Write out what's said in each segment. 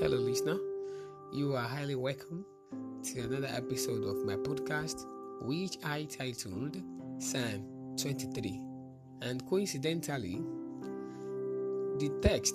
Hello, listener. You are highly welcome to another episode of my podcast, which I titled Psalm 23. And coincidentally, the text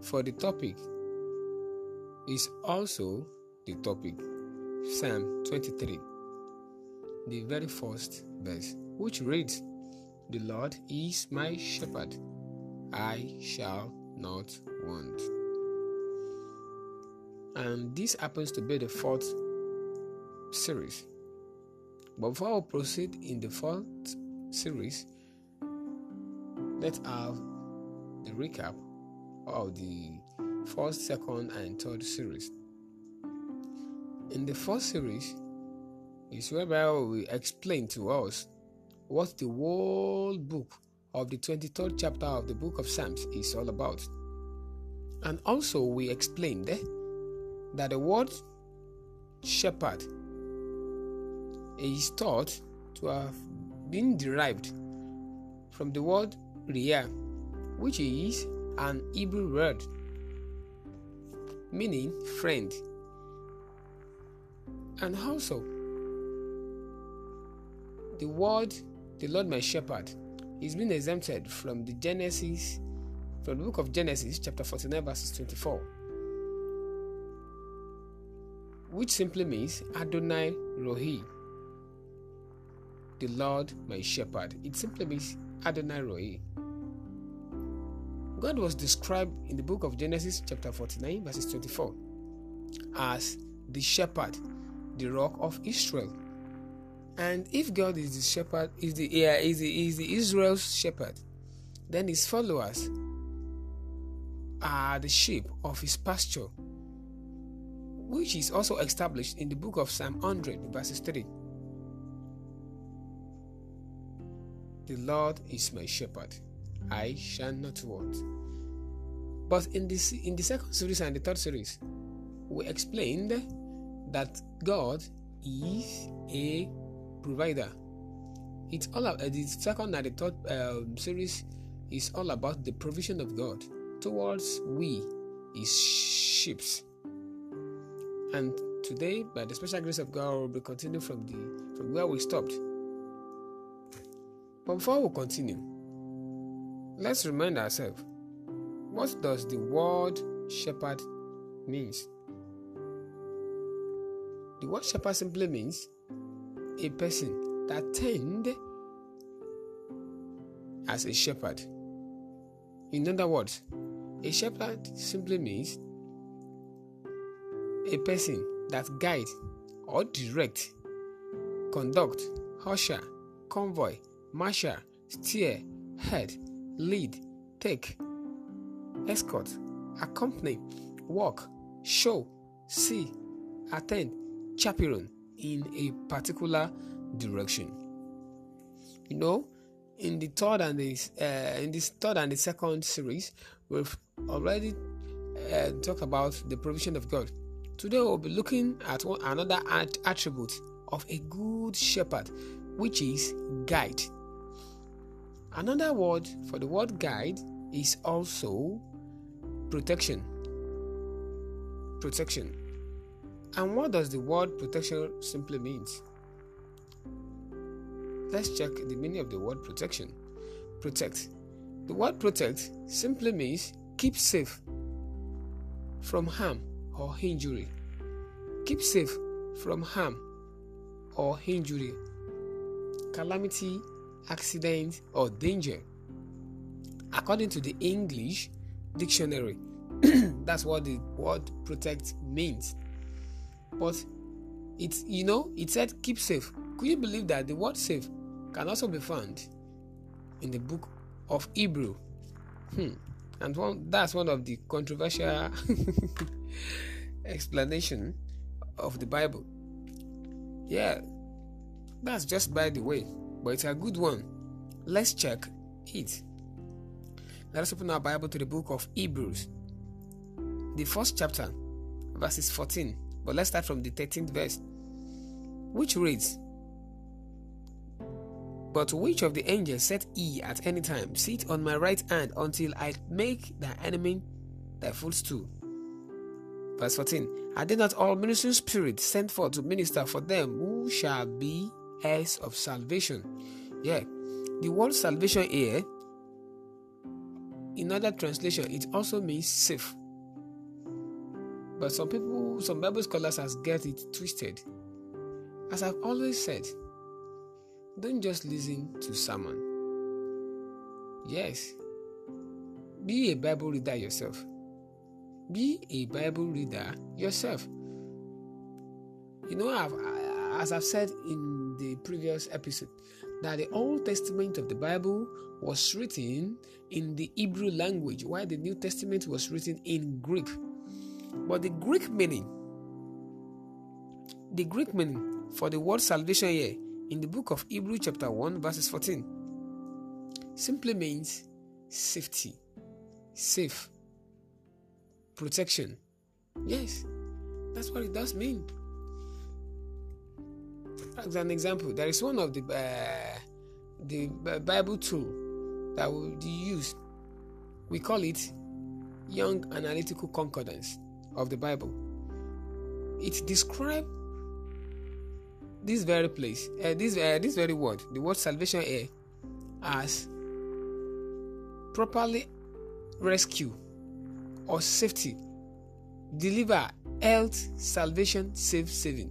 for the topic is also the topic Psalm 23, the very first verse, which reads, The Lord is my shepherd, I shall not want and this happens to be the fourth series. But before we proceed in the fourth series, let's have the recap of the first, second, and third series. In the first series, is whereby we explain to us what the whole book of the 23rd chapter of the book of Psalms is all about. And also, we explained that the word shepherd is thought to have been derived from the word Ria, which is an Hebrew word meaning friend, and also the word the Lord my shepherd is being exempted from the Genesis, from the book of Genesis, chapter 49, verses 24 which simply means Adonai Rohi, the Lord my shepherd. It simply means Adonai Rohi. God was described in the book of Genesis, chapter 49, verses 24, as the shepherd, the rock of Israel. And if God is the shepherd, is the yeah, is the, is the Israel's shepherd, then his followers are the sheep of his pasture which is also established in the book of Psalm 100, verses 3. The Lord is my shepherd, I shall not want. But in, this, in the second series and the third series, we explained that God is a provider. It's all about the second and the third um, series is all about the provision of God towards we, His sheep. And today, by the special grace of God, we'll be continuing from the from where we stopped. But before we continue, let's remind ourselves what does the word shepherd means? The word shepherd simply means a person that tend as a shepherd. In other words, a shepherd simply means a person that guide or direct, conduct, usher, convoy, marshal, steer, head, lead, take, escort, accompany, walk, show, see, attend, chaperone in a particular direction. You know, in the third and the uh, in this third and the second series, we've already uh, talked about the provision of God Today we'll be looking at one, another at- attribute of a good shepherd, which is guide. Another word for the word guide is also protection. Protection. And what does the word protection simply mean? Let's check the meaning of the word protection. Protect. The word protect simply means keep safe from harm or injury. Keep safe from harm or injury, calamity, accident, or danger. According to the English dictionary, that's what the word protect means. But it's you know, it said keep safe. Could you believe that the word safe can also be found in the book of Hebrew? Hmm. And one, that's one of the controversial explanation of the Bible. Yeah, that's just by the way, but it's a good one. Let's check it. Let us open our Bible to the book of Hebrews, the first chapter, verses 14. But let's start from the 13th verse, which reads, but which of the angels said he at any time, Sit on my right hand until I make thy enemy thy footstool? Verse 14 Are they not all ministering spirits sent forth to minister for them who shall be heirs of salvation? Yeah, the word salvation here, in other translation, it also means safe. But some people, some Bible scholars, has get it twisted. As I've always said, don't just listen to someone. Yes, be a Bible reader yourself. Be a Bible reader yourself. You know, I've, as I've said in the previous episode, that the Old Testament of the Bible was written in the Hebrew language, while the New Testament was written in Greek. But the Greek meaning, the Greek meaning for the word salvation here in the book of Hebrew, chapter 1, verses 14, simply means safety, safe, protection. Yes, that's what it does mean. As an example, there is one of the uh, the Bible tool that we use. We call it Young Analytical Concordance of the Bible. It describes this very place, uh, this uh, this very word, the word salvation air, as properly rescue or safety. Deliver health, salvation, save, saving.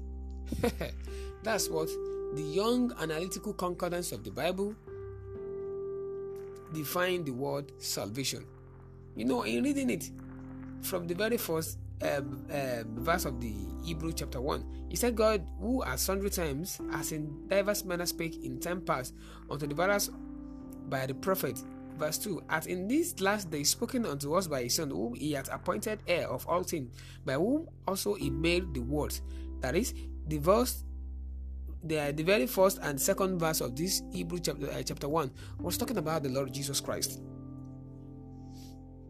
That's what the young analytical concordance of the Bible defines the word salvation. You know, in reading it from the very first um, um, verse of the Hebrew chapter 1, it said, God, who at sundry times, as in diverse manner spake in time past unto the fathers by the prophet, Verse 2 As in these last days spoken unto us by his Son, whom he hath appointed heir of all things, by whom also he made the world. That is, the verse the, the very first and second verse of this Hebrew chapter, uh, chapter 1 was talking about the Lord Jesus Christ.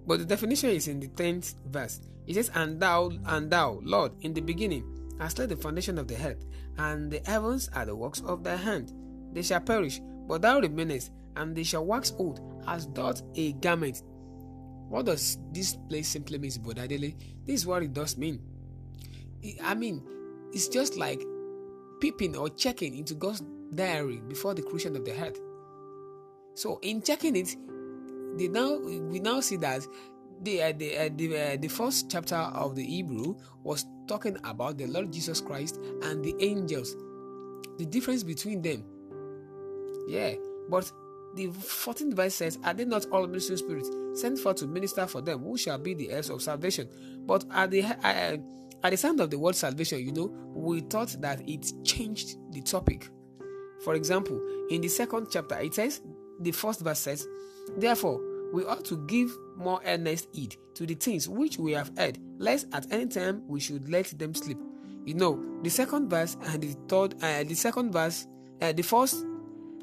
But the definition is in the 10th verse. It says, And thou, and thou, Lord, in the beginning hast laid the foundation of the earth, and the heavens are the works of thy hand. They shall perish, but thou remainest, and they shall wax old as doth a garment. What does this place simply mean, Bodadele? This is what it does mean. I mean, it's just like peeping or checking into God's diary before the creation of the earth. So, in checking it, they now we now see that the uh, the uh, the, uh, the first chapter of the Hebrew was talking about the Lord Jesus Christ and the angels, the difference between them. Yeah, but the 14th verse says, Are they not all ministering spirits sent forth to minister for them who shall be the heirs of salvation? But at the, uh, at the sound of the word salvation, you know, we thought that it changed the topic. For example, in the second chapter, it says, the first verse says, Therefore, we ought to give more earnest heed to the things which we have heard, lest at any time we should let them slip. You know, the second verse and the third, uh, the second verse, uh, the first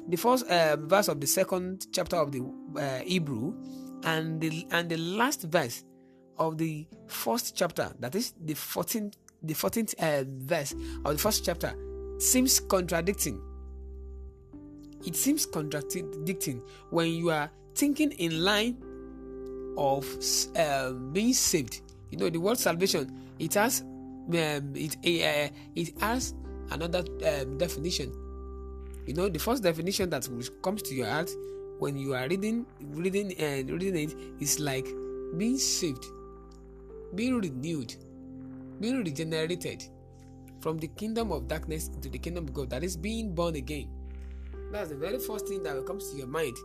the first um, verse of the second chapter of the uh, Hebrew and the and the last verse of the first chapter, that is the 14th the 14th uh, um, verse of the first chapter, seems contradicting. It seems contradicting when you are thinking in line of um, being saved. You know the word salvation. It has um, it eh, eh, it has another um, definition you know, the first definition that comes to your heart when you are reading, reading, and eh, reading it is like being saved, being renewed, being regenerated from the kingdom of darkness into the kingdom of God. That is being born again. That's the very first thing that comes to your mind.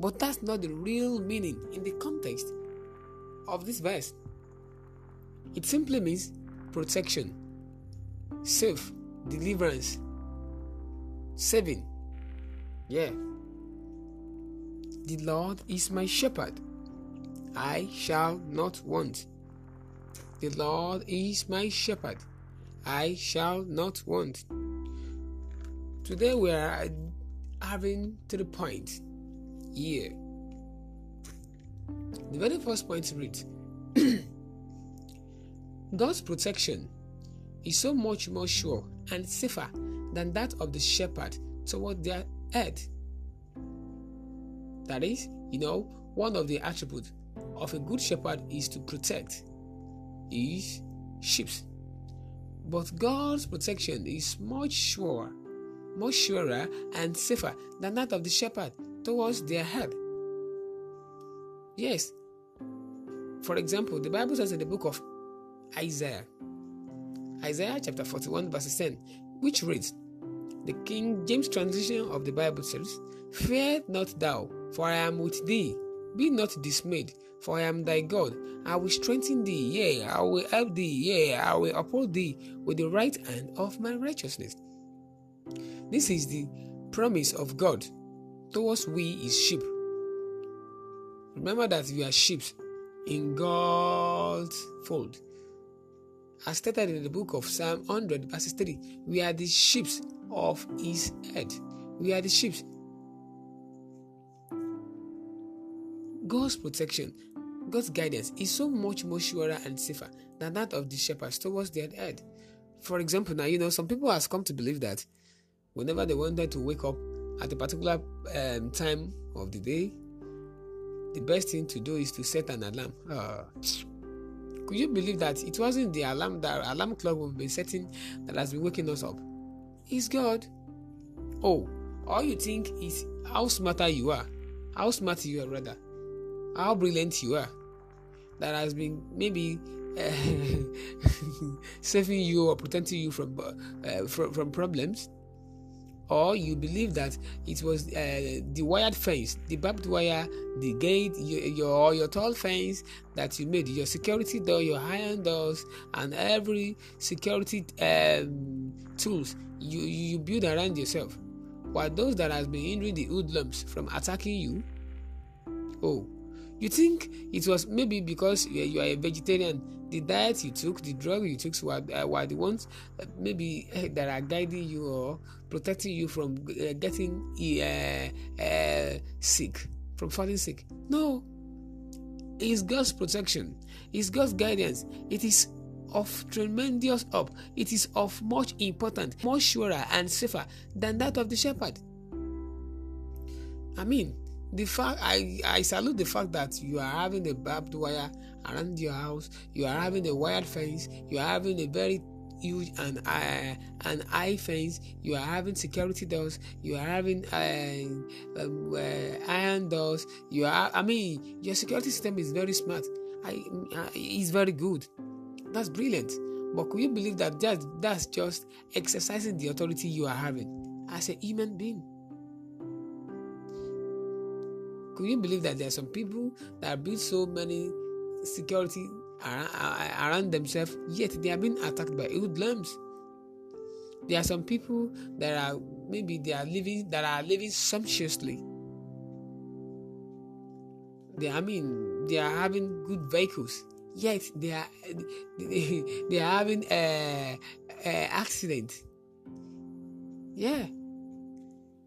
But that's not the real meaning in the context of this verse. It simply means protection, safe, deliverance, Seven. Yeah. The Lord is my shepherd. I shall not want. The Lord is my shepherd. I shall not want. Today we are having three points here. The very first point reads God's protection is so much more sure and safer than that of the shepherd toward their head. That is, you know, one of the attributes of a good shepherd is to protect his sheep. But God's protection is much surer, much surer and safer than that of the shepherd towards their head. Yes. For example, the Bible says in the book of Isaiah, Isaiah chapter 41, verse 10, which reads, the King James translation of the Bible says, Fear not thou, for I am with thee. Be not dismayed, for I am thy God. I will strengthen thee, yea, I will help thee, yea, I will uphold thee with the right hand of my righteousness. This is the promise of God towards we, his sheep. Remember that we are sheep in God's fold as stated in the book of Psalm 100, verses 3. We are the sheep of his head. We are the sheep. God's protection, God's guidance is so much more surer and safer than that of the shepherds towards their head. For example, now you know some people has come to believe that whenever they wanted to wake up at a particular um, time of the day, the best thing to do is to set an alarm. Ah, could you believe that it wasn't the alarm that alarm clock we've been setting that has been waking us up? It's God. Oh, all you think is how smarter you are, how smart you are rather, how brilliant you are, that has been maybe uh, saving you or protecting you from uh, from, from problems or you believe that it was uh, the wired fence, the barbed wire, the gate, your, your your tall fence that you made, your security door, your iron doors, and every security um, tools you you build around yourself, while those that has been hindering the hoodlums from attacking you, oh, you think it was maybe because you are a vegetarian the diet you took, the drug you took were, uh, were the ones that maybe uh, that are guiding you or protecting you from uh, getting eh, sick, from falling sick. No, it's God's protection, it's God's guidance. It is of tremendous help. It is of much important, more surer and safer than that of the shepherd. I mean, the fact I, I salute the fact that you are having a barbed wire around your house, you are having a wired fence, you are having a very huge and uh, an eye fence, you are having security doors, you are having uh, um, uh, iron doors, you are I mean your security system is very smart. I, it's very good. That's brilliant. But could you believe that, that that's just exercising the authority you are having as a human being? Could you believe that there are some people that build so many security around, around themselves, yet they are being attacked by hoodlums? There are some people that are maybe they are living that are living sumptuously. They, I mean, they are having good vehicles, yet they are they, they are having a, uh, a uh, accident. Yeah,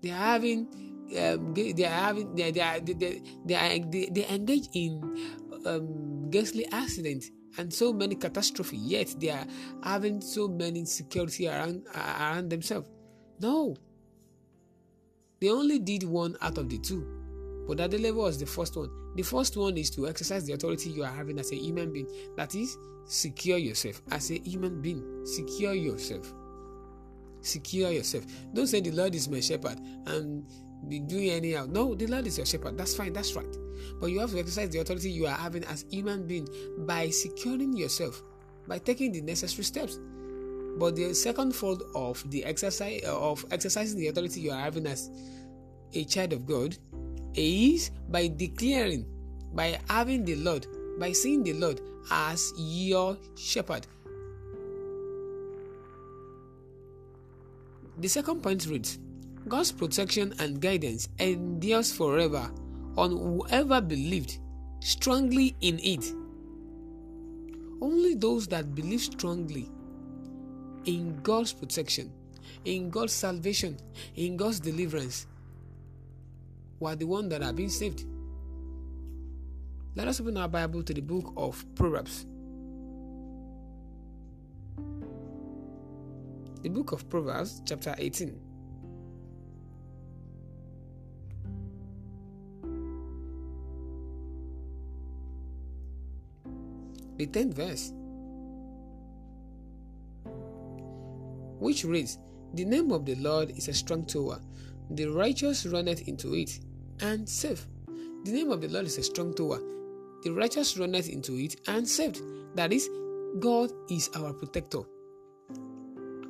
they are having um, they, are having they, they they, they, they engage in um, ghastly accidents and so many catastrophes. yet they are having so many security around uh, around themselves no they only did one out of the two but that level was the first one the first one is to exercise the authority you are having as a human being that is secure yourself as a human being secure yourself secure yourself don't say the lord is my shepherd and doing anyhow. No, the Lord is your shepherd. That's fine. That's right. But you have to exercise the authority you are having as human being by securing yourself, by taking the necessary steps. But the second fold of the exercise uh, of exercising the authority you are having as a child of God is by declaring, by having the Lord, by seeing the Lord as your shepherd. The second point reads God's protection and guidance endures forever on whoever believed strongly in it. Only those that believe strongly in God's protection, in God's salvation, in God's deliverance, were the ones that are being saved. Let us open our Bible to the book of Proverbs. The book of Proverbs, chapter 18. the 10th verse, which reads, The name of the Lord is a strong tower, the righteous runneth into it and safe. The name of the Lord is a strong tower, the righteous runneth into it and saved. That is, God is our protector.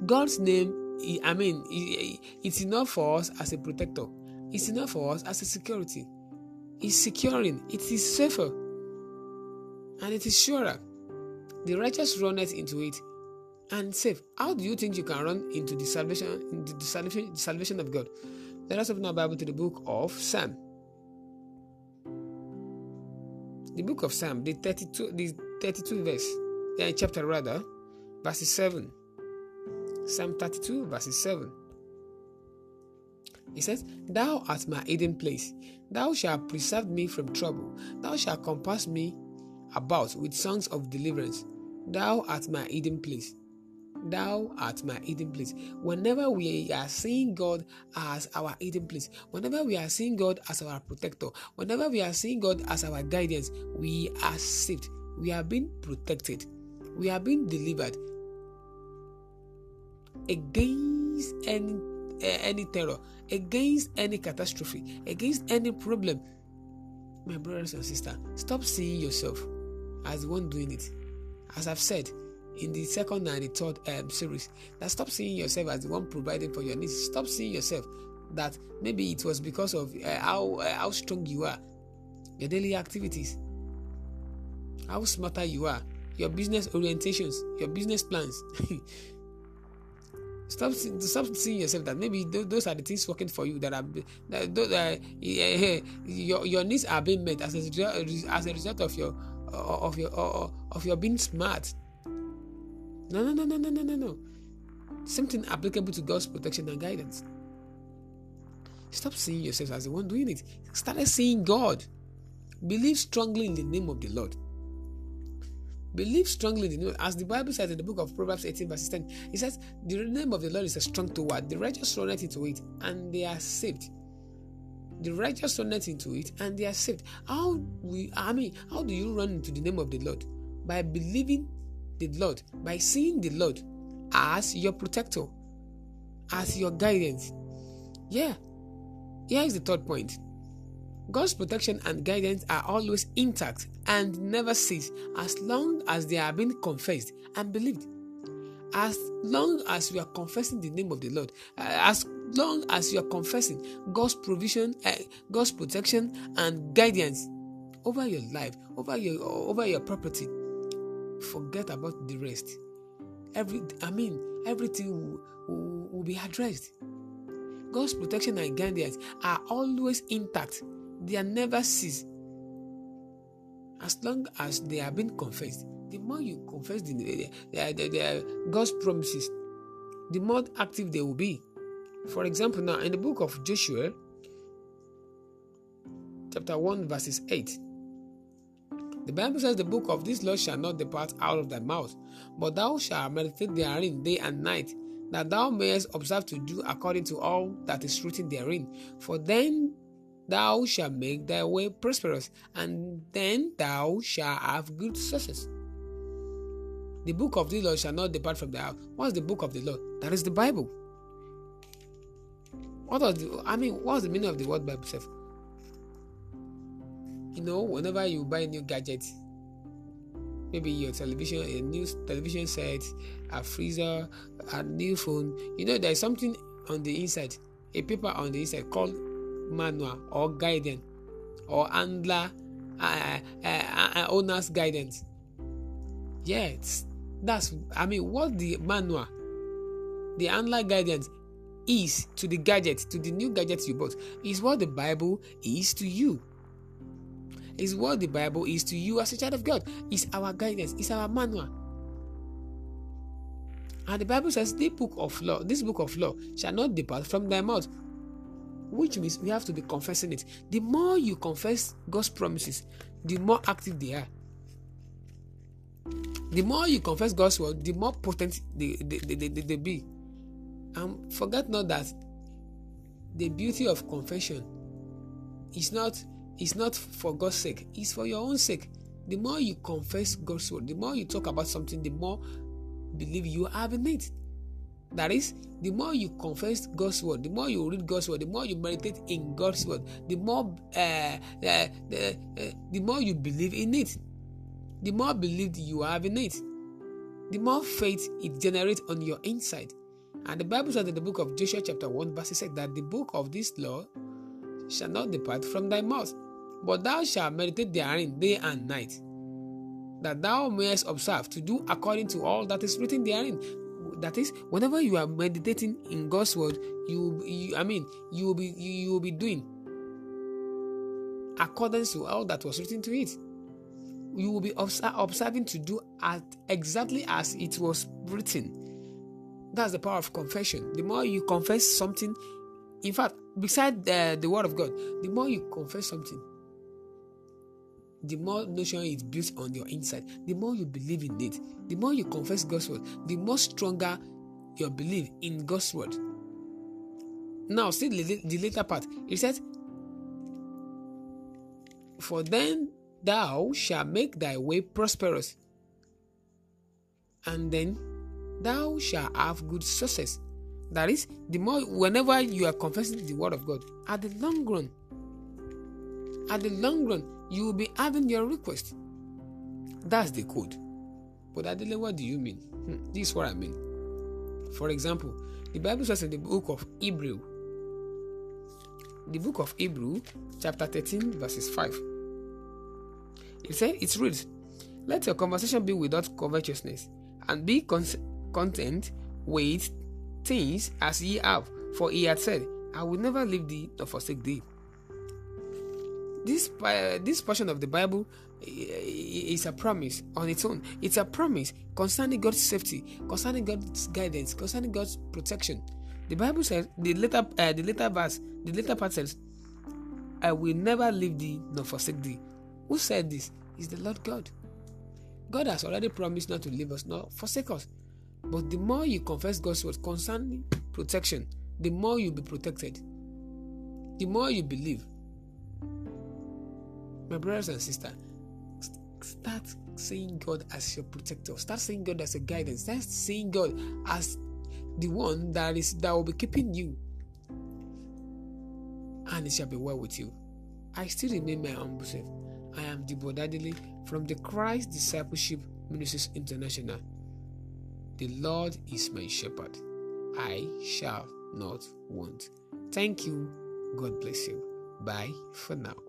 God's name, I mean, it's enough for us as a protector, it's enough for us as a security. It's securing, it is safer and it is surer. The righteous runneth into it and safe. How do you think you can run into the salvation, into the salvation, the salvation of God? Let us open our Bible to the book of Psalm. The book of Psalm, the 32, the 32 verse, yeah, chapter rather, verse 7. Psalm 32, verse 7. It says, Thou art my hidden place. Thou shalt preserve me from trouble. Thou shalt compass me about with songs of deliverance. Thou art my hidden place. Thou art my hidden place. Whenever we are seeing God as our hidden place, whenever we are seeing God as our protector, whenever we are seeing God as our guidance, we are saved. We are being protected. We are being delivered against any uh, any terror, against any catastrophe, against any problem. My brothers and sisters, stop seeing yourself as the one doing it. As I've said in the second and the third um, series, that stop seeing yourself as the one providing for your needs. Stop seeing yourself that maybe it was because of uh, how uh, how strong you are, your daily activities, how smarter you are, your business orientations, your business plans. stop stop seeing yourself that maybe those are the things working for you that are that, those, uh, eh, your your needs are being met as a, as a result of your of your of your being smart. No, no, no, no, no, no, no, no. Something applicable to God's protection and guidance. Stop seeing yourself as the one doing it. Start seeing God. Believe strongly in the name of the Lord. Believe strongly in the name. As the Bible says in the book of Proverbs 18, verse 10, it says, The name of the Lord is a strong toward. The righteous run into it, and they are saved the righteous runneth into it and they are saved. How we I mean, how do you run into the name of the Lord? By believing the Lord, by seeing the Lord as your protector, as your guidance. Yeah. Here is the third point. God's protection and guidance are always intact and never cease as long as they are being confessed and believed. As long as we are confessing the name of the Lord, uh, as long as you are confessing God's provision, uh, God's protection, and guidance over your life, over your over your property, forget about the rest. Every I mean, everything will, will, will be addressed. God's protection and guidance are always intact. They are never ceased. As long as they are being confessed, the more you confess the, the, the, God's promises, the more active they will be. For example, now in the book of Joshua, chapter 1, verses 8, the Bible says, The book of this law shall not depart out of thy mouth, but thou shalt meditate therein day and night, that thou mayest observe to do according to all that is written therein. For then thou shalt make thy way prosperous, and then thou shalt have good success. The book of the law shall not depart from thy house. What's the book of the law? That is the Bible. What was the, I mean, what's the meaning of the word Bible itself? You know, whenever you buy a new gadget, maybe your television, a new television set, a freezer, a new phone, you know, there's something on the inside, a paper on the inside called manual or guidance or handler uh, uh, uh, owner's guidance. Yes, that's I mean, what the manual, the handler guidance is to the gadget, to the new gadget you bought, is what the Bible is to you. Is what the Bible is to you as a child of God. Is our guidance, is our manual. And the Bible says, "This book of law, this book of law, shall not depart from thy mouth." Which means we have to be confessing it. The more you confess God's promises, the more active they are. The more you confess God's word, the more potent they, they, they, they, they be. And forget not that the beauty of confession is not is not for God's sake, it's for your own sake. The more you confess God's word, the more you talk about something, the more believe you have in it. That is, the more you confess God's word, the more you read God's word, the more you meditate in God's word, the more uh, uh, the, uh, uh, the more you believe in it, the more believed you have in it, the more faith it generates on your inside. And the Bible says in the book of Joshua, chapter 1, verse 6, that the book of this law shall not depart from thy mouth, but thou shalt meditate therein day and night, that thou mayest observe to do according to all that is written therein. That is, whenever you are meditating in God's word, you, you I mean, you will be you, will be doing according to all that was written to it. You will be observing to do at exactly as it was written that's the power of confession. The more you confess something, in fact, beside the, the word of God, the more you confess something, the more notion is built on your inside, the more you believe in it, the more you confess God's word, the more stronger your belief in God's word. Now, see the, the later part. It says, For then thou shalt make thy way prosperous, and then thou shalt have good success. That is, the more whenever you are confessing the word of God, at the long run, at the long run, you will be having your request. That's the code. But Adele, what do you mean? Hmm, this is what I mean. For example, the Bible says in the book of Hebrew, the book of Hebrew, chapter 13, verses 5. It says, it reads, Let your conversation be without covetousness, and be cons- content, with things as ye have, for he had said, I will never leave thee nor forsake thee. This, uh, this portion of the Bible eh, is a promise on its own. It's a promise concerning God's safety, concerning God's guidance, concerning God's protection. The Bible says, the later, uh, the later verse, the later part says, I will never leave thee nor forsake thee. Who said this? Is the Lord God. God has already promised not to leave us nor forsake us. But the more you confess God's word concerning protection, the more you'll be protected. The more you believe. My brothers and sisters, start seeing God as your protector. Start seeing God as your guidance. Start seeing God as the one that is that will be keeping you. And it shall be well with you. I still remain my humble self. I am Debo Dadili from the Christ Discipleship Ministries International. The Lord is my shepherd. I shall not want. Thank you. God bless you. Bye for now.